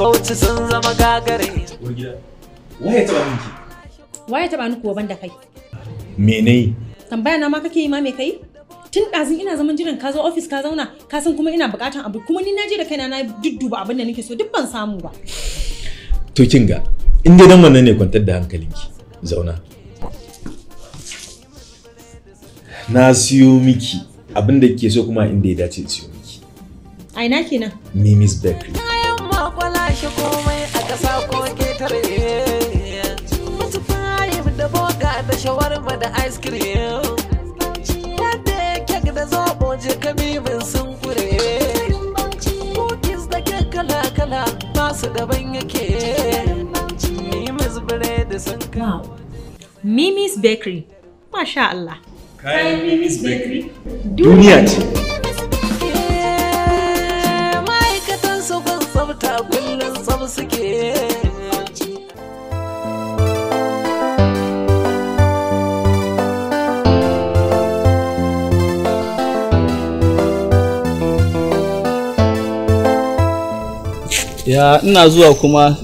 bauchi sun zama gagare. Waye taɓa miki? Waye taɓa ni kuwa banda kai? Me ne? Tambaya na ma kake yi ma me kai? Tun ɗazin ina zaman jiran ka zo ofis ka zauna ka san kuma ina buƙatan abu kuma ni na je da kaina na dudduba abin da nake so duk ban samu ba. To kin ga in dai dan wannan ne kwantar da hankalinki zauna. Na siyo miki abin da kike so kuma inda ya dace siyo miki. A ina kenan? Mimi's Bakery. kwala shi komai a ƙasa ko da boga da shawarma da ice cream da zobo je sun kure cookies kala kala basu daban yake mimis Bakery, Masha Allah. Kayan Mimi's Bakery, duniya ce. suke ya ina zuwa kuma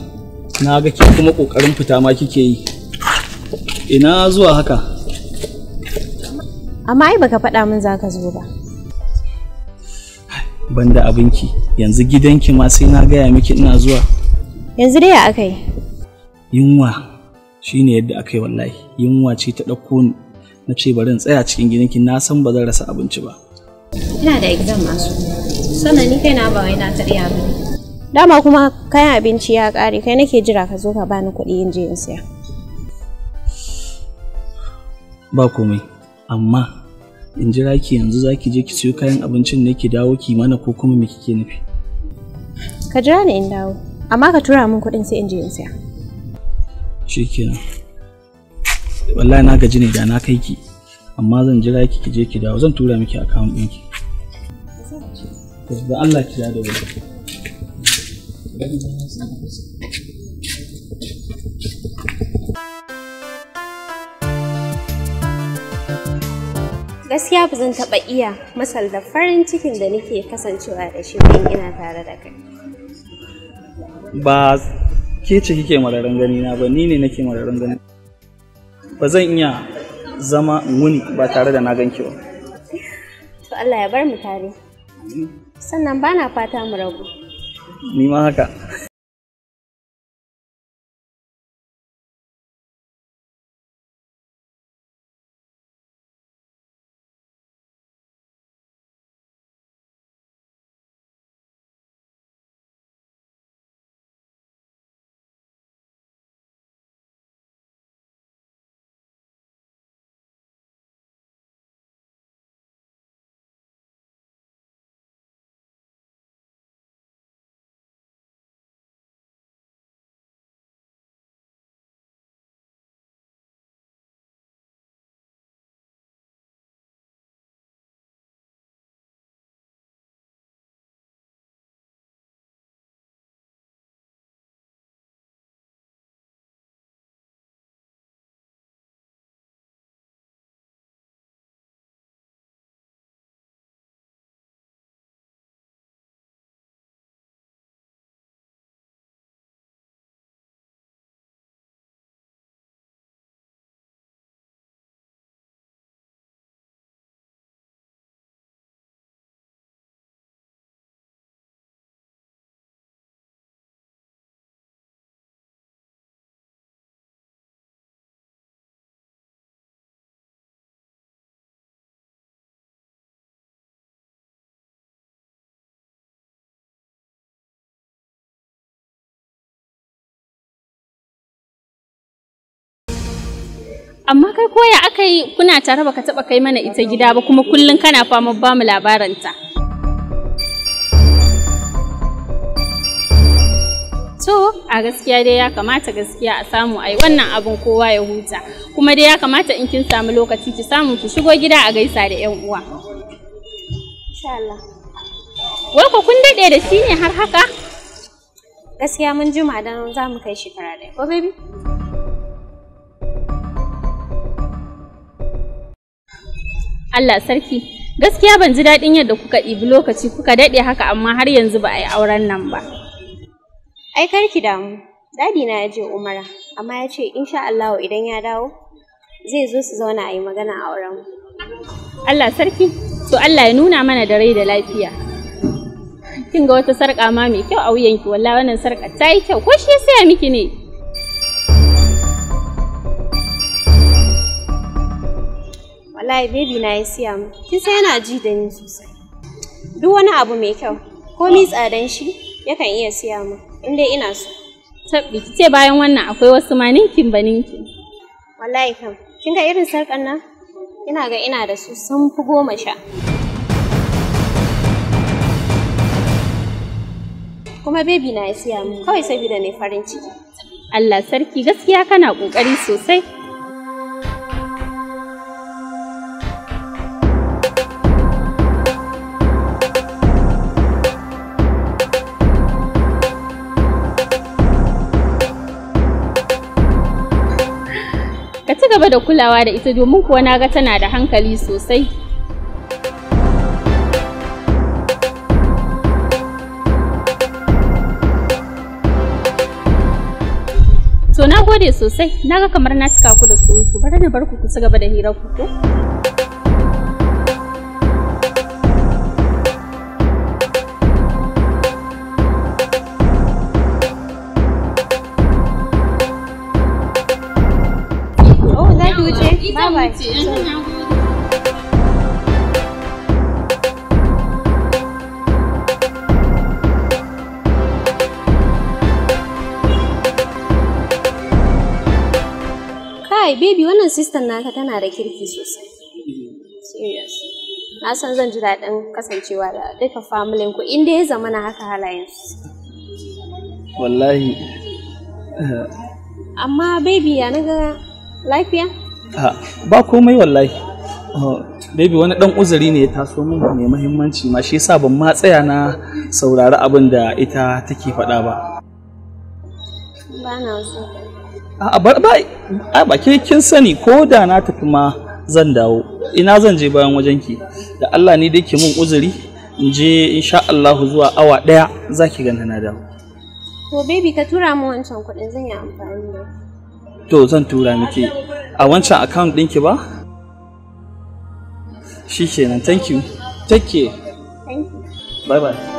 na ga ke kuma kokarin fita ma kike yi ina zuwa haka amma ai baka faɗa min za ka zo ba banda abinki yanzu gidanki ma sai na gaya miki ina zuwa yanzu dai ya aka yi yunwa shi ne yadda aka yi wallahi yunwa ce ta ɗauko ni na ce bari in tsaya cikin gidanki na san ba zan rasa abinci ba ina da exam masu sannan ni kaina ba wai na tarya ba dama kuma kayan abinci ya ƙare kai nake jira ka zo ka bani kuɗi in je in siya ba komai amma in jira ki yanzu za ki je ki siyo kayan abincin ne ki dawo ki mana ko kuma me kike nufi ka jira ni in dawo amma ka tura min kuɗin sai in je in siya shikenan wallahi na gaji ne da na kai ki amma zan jira ki ki je ki dawo zan tura miki account ki da Allah ki da wuri gaskiya ba zan taɓa iya masal da farin cikin da nake kasancewa da shi bayan ina tare da kai ba ke ce kike mararin gani na ba ni ne nake mararin gani ba zan iya zama wuni ba tare da na ganki ba to Allah ya bar mu tare sannan bana fata mu rabu ni ma haka Amma kai koya aka yi kuna tare baka taba kai mana ita gida ba kuma kullum kana fama ba mu labaranta. To a gaskiya dai ya kamata gaskiya a samu ai wannan abin kowa ya huta kuma dai ya kamata in kin samu lokaci ki samu ki shigo gida a gaisa da yan uwa. Insha Allah. Wai ko kun daɗe da shi ne har haka? Gaskiya mun jima dan za mu kai shekara ɗaya. Ko baby? Allah sarki gaskiya ban ji daɗin yadda kuka ɗibi lokaci kuka daɗe haka amma har yanzu ba a yi auren nan ba. Ai karki damu, dadi na ya je Umara amma ya ce insha Allah idan ya dawo zai zo su zauna a yi magana a auren. Allah sarki, to Allah ya nuna mana da rai da lafiya. Kin ga wata sarƙa ma mai kyau a wuyanki wallahi wannan sarƙa ta yi kyau ko shi ya saya miki ne? wallahi baby na ya siya mu kin sai yana ji da ni sosai duk wani abu mai kyau ni tsadan shi yakan iya siya mu in dai ina so tabbi ce bayan wannan akwai wasu ma ninkin ba wallahi kam kin ga irin sarkan nan ina ga ina da su sun fi goma sha kuma baby na ya siya mu kawai saboda ne farin ciki Allah sarki gaskiya kana kokari sosai gaba da kulawa da ita domin kuwa na ga tana da hankali sosai. To na gode sosai, na ga kamar na cika ku da surutu, bari na bar ku ku ci gaba da hirar ku ko? sistan naka tana da kirki sosai serious na san zan ji daɗin kasancewa da duka familin ku inda ya zama na haka halayensu wallahi amma baby ya naga lafiya ba komai wallahi oh, baby wani ɗan uzuri ne ya taso min mai muhimmanci ma shi yasa ban ma tsaya na saurari abin da ita take faɗa ba ba na so a bar ba a ba ke kin sani ko da na tafi ma zan dawo ina zan je bayan wajen ki da Allah ne da ke mun uzuri in je insha Allah zuwa awa daya zaki ganta na dawo to baby ka tura mu wancan kuɗin zan yi amfani da to zan tura miki a wancan account ki ba shikenan thank you take care thank you bye bye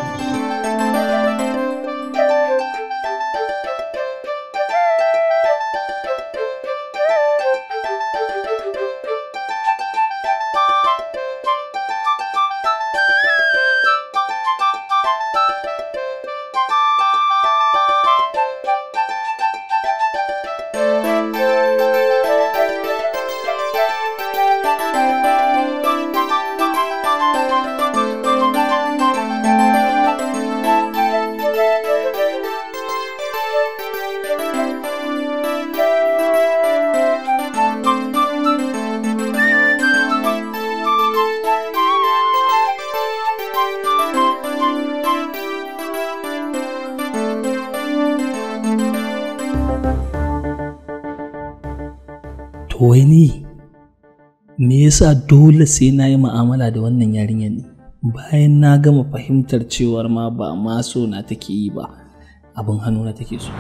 me yasa dole sai na yi ma'amala da wannan yarinyar ne bayan na gama fahimtar cewar ma ba maso na take yi ba abin hannu na take so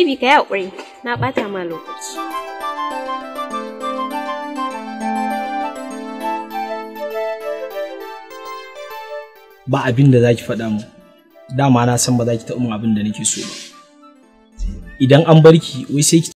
baby ka yi haƙuri na ɓata ma lokaci ba abin da za ki faɗa mu dama na san ba za ki taɓa abin da nake so ba idan an barki wai sai ki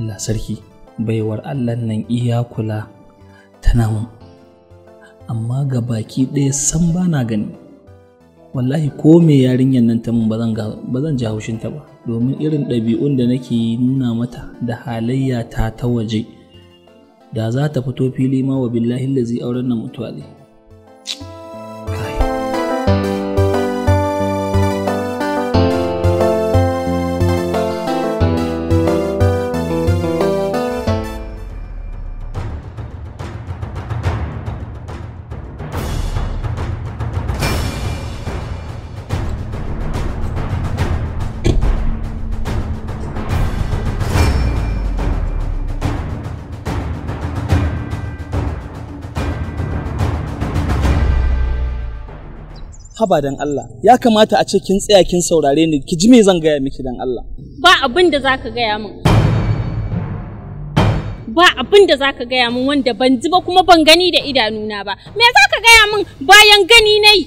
Allah sarki baiwar Allah nan iya kula tana mun amma ga baki ɗaya san ba na gani wallahi ko me yarinyar nan ta mun ba zan ji ta ba domin irin ɗabi'un da nake nuna mata da halayya ta ta waje da za ta fito fili ma wa billahi lazi auren na mutuwa ne haba dan Allah ya kamata a ce kin tsaya kin saurare ni ki ji me zan gaya miki dan Allah ba abin da zaka gaya min ba abin da zaka gaya min wanda ban ji ba kuma ban gani da idanuna ba me zaka gaya min bayan gani nayi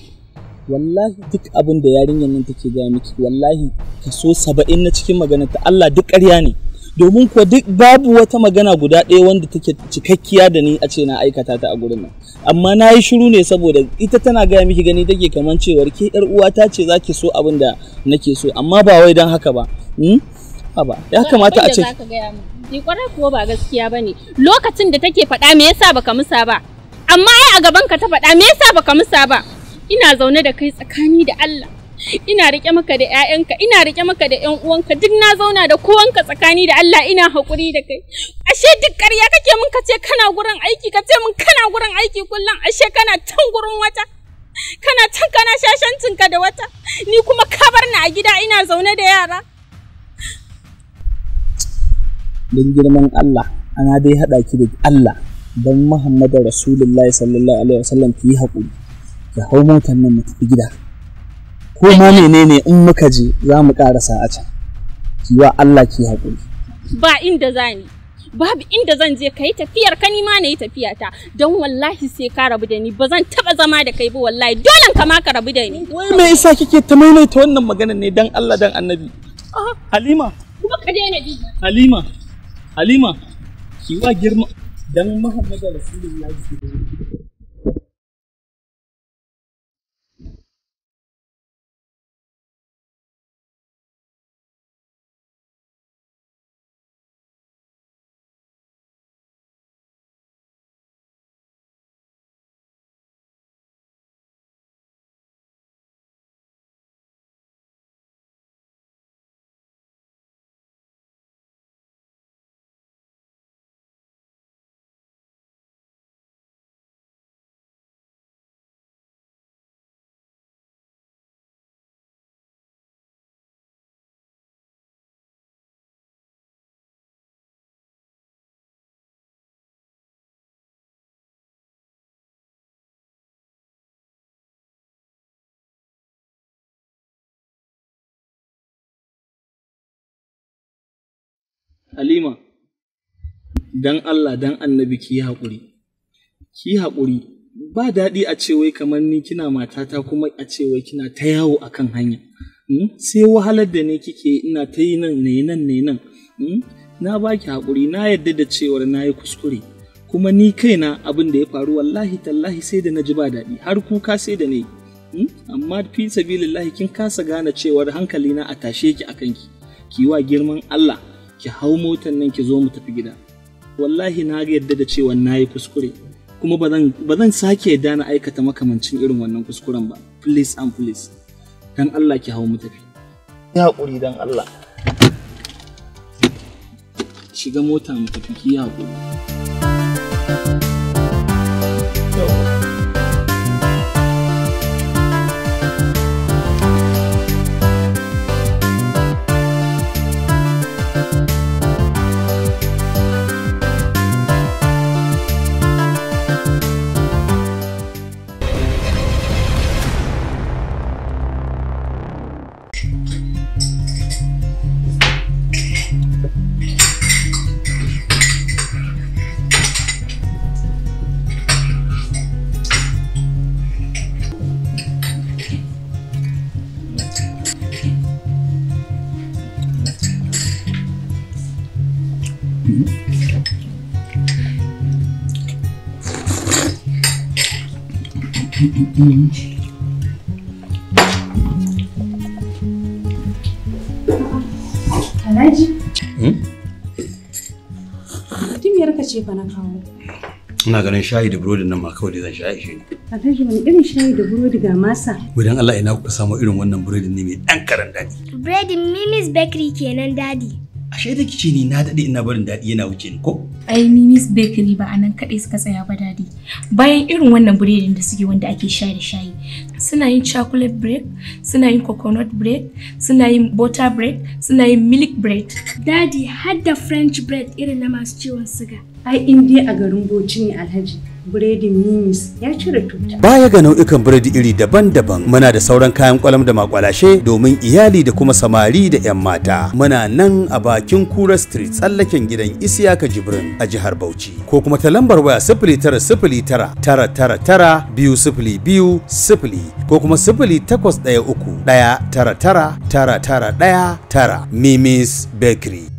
wallahi duk abin da yarinyar nan take gaya miki wallahi kaso saba'in na cikin maganar ta Allah duk ƙarya ne domin kuwa duk babu wata magana guda ɗaya wanda take cikakkiya da ni a ce na aikata ta a gurin nan amma na yi shiru ne saboda ita tana gaya miki gani take kaman cewar ke yar uwa ta ce zaki so abin da nake so amma ba wai don haka ba hmm? haba ya kamata a ce ni kwarar kuwa ba gaskiya bane lokacin da take faɗa me yasa baka musa ba amma ai a gaban ka ta faɗa me yasa baka musa ba ina zaune da kai tsakani da Allah ina rike maka da ƴaƴanka ina rike maka da ƴan uwanka duk na zauna da kowanka tsakani da Allah ina haƙuri da kai ashe duk ƙarya kake min ka ce kana gurin aiki ka ce min kana gurin aiki kullum ashe kana tan gurin wata kana tan kana ka da wata ni kuma ka bar ni a gida ina zaune da yara don girman Allah ana dai haɗa ki da Allah don Muhammadu Rasulullahi sallallahu alaihi wasallam ki yi haƙuri ki hau motar nan mu tafi gida ko ma menene in muka je za mu karasa a can kiwa Allah ki haƙuri ba inda zani babu inda zan je kai tafiyar ka nima na yi tafiya ta don wallahi sai ka rabu da ni ba zan taba zama da kai ba wallahi dole ka ma ka rabu da ni wai me yasa kike ta maimaita wannan maganar ne dan Allah dan Annabi ah. Halima kuma ka daina ji Halima Halima kiwa girma dan Muhammadu Rasulullahi Halima, don Allah don annabi ki yi haƙuri. Ki yi haƙuri, ba daɗi a ce kamar ni kina matata kuma a ce kina ta yawo a kan hanya. Hmm? Sai wahalar da ne kike ina ta yi nan ne nan ne nan. Hmm? Na ba ki haƙuri, na yarda da cewar na yi kuskure. Kuma ni kaina abin da ya faru wallahi tallahi sai da na ji ba daɗi, har kuka sai da na hmm? Amma fi sabilillahi kin kasa gane cewar hankali na a tashe ki a kanki. Ki wa girman Allah. ki hau motan nan ki zo mu tafi gida wallahi na ga yadda da cewa na yi kuskure kuma ba zan sake yadda na aikata makamancin irin wannan kuskuren ba please and please dan Allah ki hau mu tafi ya hakuri dan Allah shiga mota mu tafi ki hakuri Alhaji? Hmm? Mutumiyar ka ce fa na kawo. Ina ganin shayi da burodi nan ma kawai da zan sha shi ni. Alhaji wani irin shayi da burodi ga masa? Gudan Allah ina kuka samu irin wannan burodin ne mai ɗan karan daɗi. Buredin Mimi's Bakery kenan dadi. ashe da kice ni na dade ina barin daɗi yana wuce ni ko? Ai ni Miss Bakery ba anan kaɗai suka tsaya ba daɗi. Bayan irin wannan biredin da suke wanda ake shayi da shayi, suna yin chocolate bread, suna yin coconut bread, suna yin butter bread, suna yin milk bread. Dadi har da French bread irin na masu ciwon siga. Ai in dai a garin Bauchi ne Alhaji. buredin mimis ya cire tuta. Baya ga nau'ikan biredi iri daban-daban muna da sauran kayan kwalam da makwalashe domin iyali da kuma samari da 'yan mata. Muna nan a bakin Kura Street tsallaken gidan Isiyaka Jibrin a jihar Bauchi. Ko kuma ta lambar waya sifili tara sifili tara tara tara biyu sifili biyu sifili ko kuma sifili takwas ɗaya uku ɗaya tara tara tara ɗaya tara Mimis Bakery.